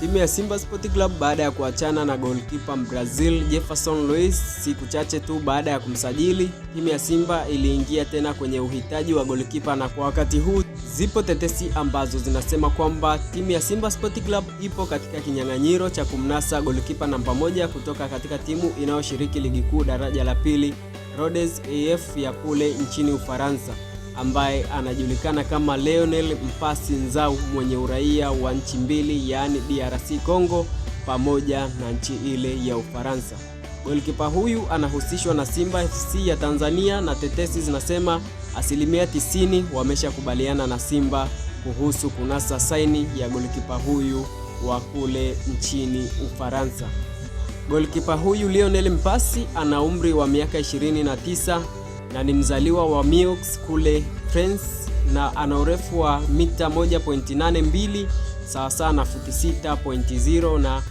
Timu ya Simba Sport Club baada ya kuachana na golkipa Brazil Jefferson Luis siku chache tu baada ya kumsajili, timu ya Simba iliingia tena kwenye uhitaji wa golkipa, na kwa wakati huu zipo tetesi ambazo zinasema kwamba timu ya Simba Sport Club ipo katika kinyang'anyiro cha kumnasa golkipa namba moja kutoka katika timu inayoshiriki ligi kuu daraja la pili Rodes AF ya kule nchini Ufaransa ambaye anajulikana kama Leonel Mpasi Nzau mwenye uraia wa nchi mbili yaani DRC Congo pamoja na nchi ile ya Ufaransa. Golikipa huyu anahusishwa na Simba FC ya Tanzania na tetesi zinasema asilimia tisini wameshakubaliana na Simba kuhusu kunasa saini ya golikipa huyu wa kule nchini Ufaransa. Golikipa huyu Lionel Mpasi ana umri wa miaka 29 na ni mzaliwa wa Miox kule France na ana urefu wa mita 1.82 sawa na futi 6.0 na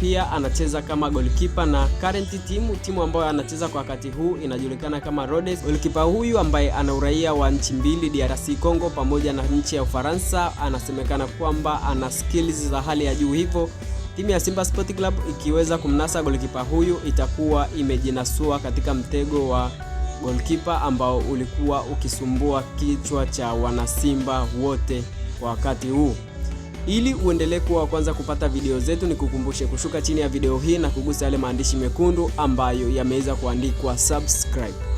pia anacheza kama goalkeeper na current timu timu ambayo anacheza kwa wakati huu inajulikana kama Rhodes. Goalkeeper huyu ambaye ana uraia wa nchi mbili DRC Congo pamoja na nchi ya Ufaransa, anasemekana kwamba ana skills za hali ya juu, hivyo timu ya Simba Sport Club ikiweza kumnasa golikipa huyu itakuwa imejinasua katika mtego wa golkipa ambao ulikuwa ukisumbua kichwa cha wanasimba wote kwa wakati huu. Ili uendelee kuwa wa kwanza kupata video zetu, ni kukumbushe kushuka chini ya video hii na kugusa yale maandishi mekundu ambayo yameweza kuandikwa subscribe.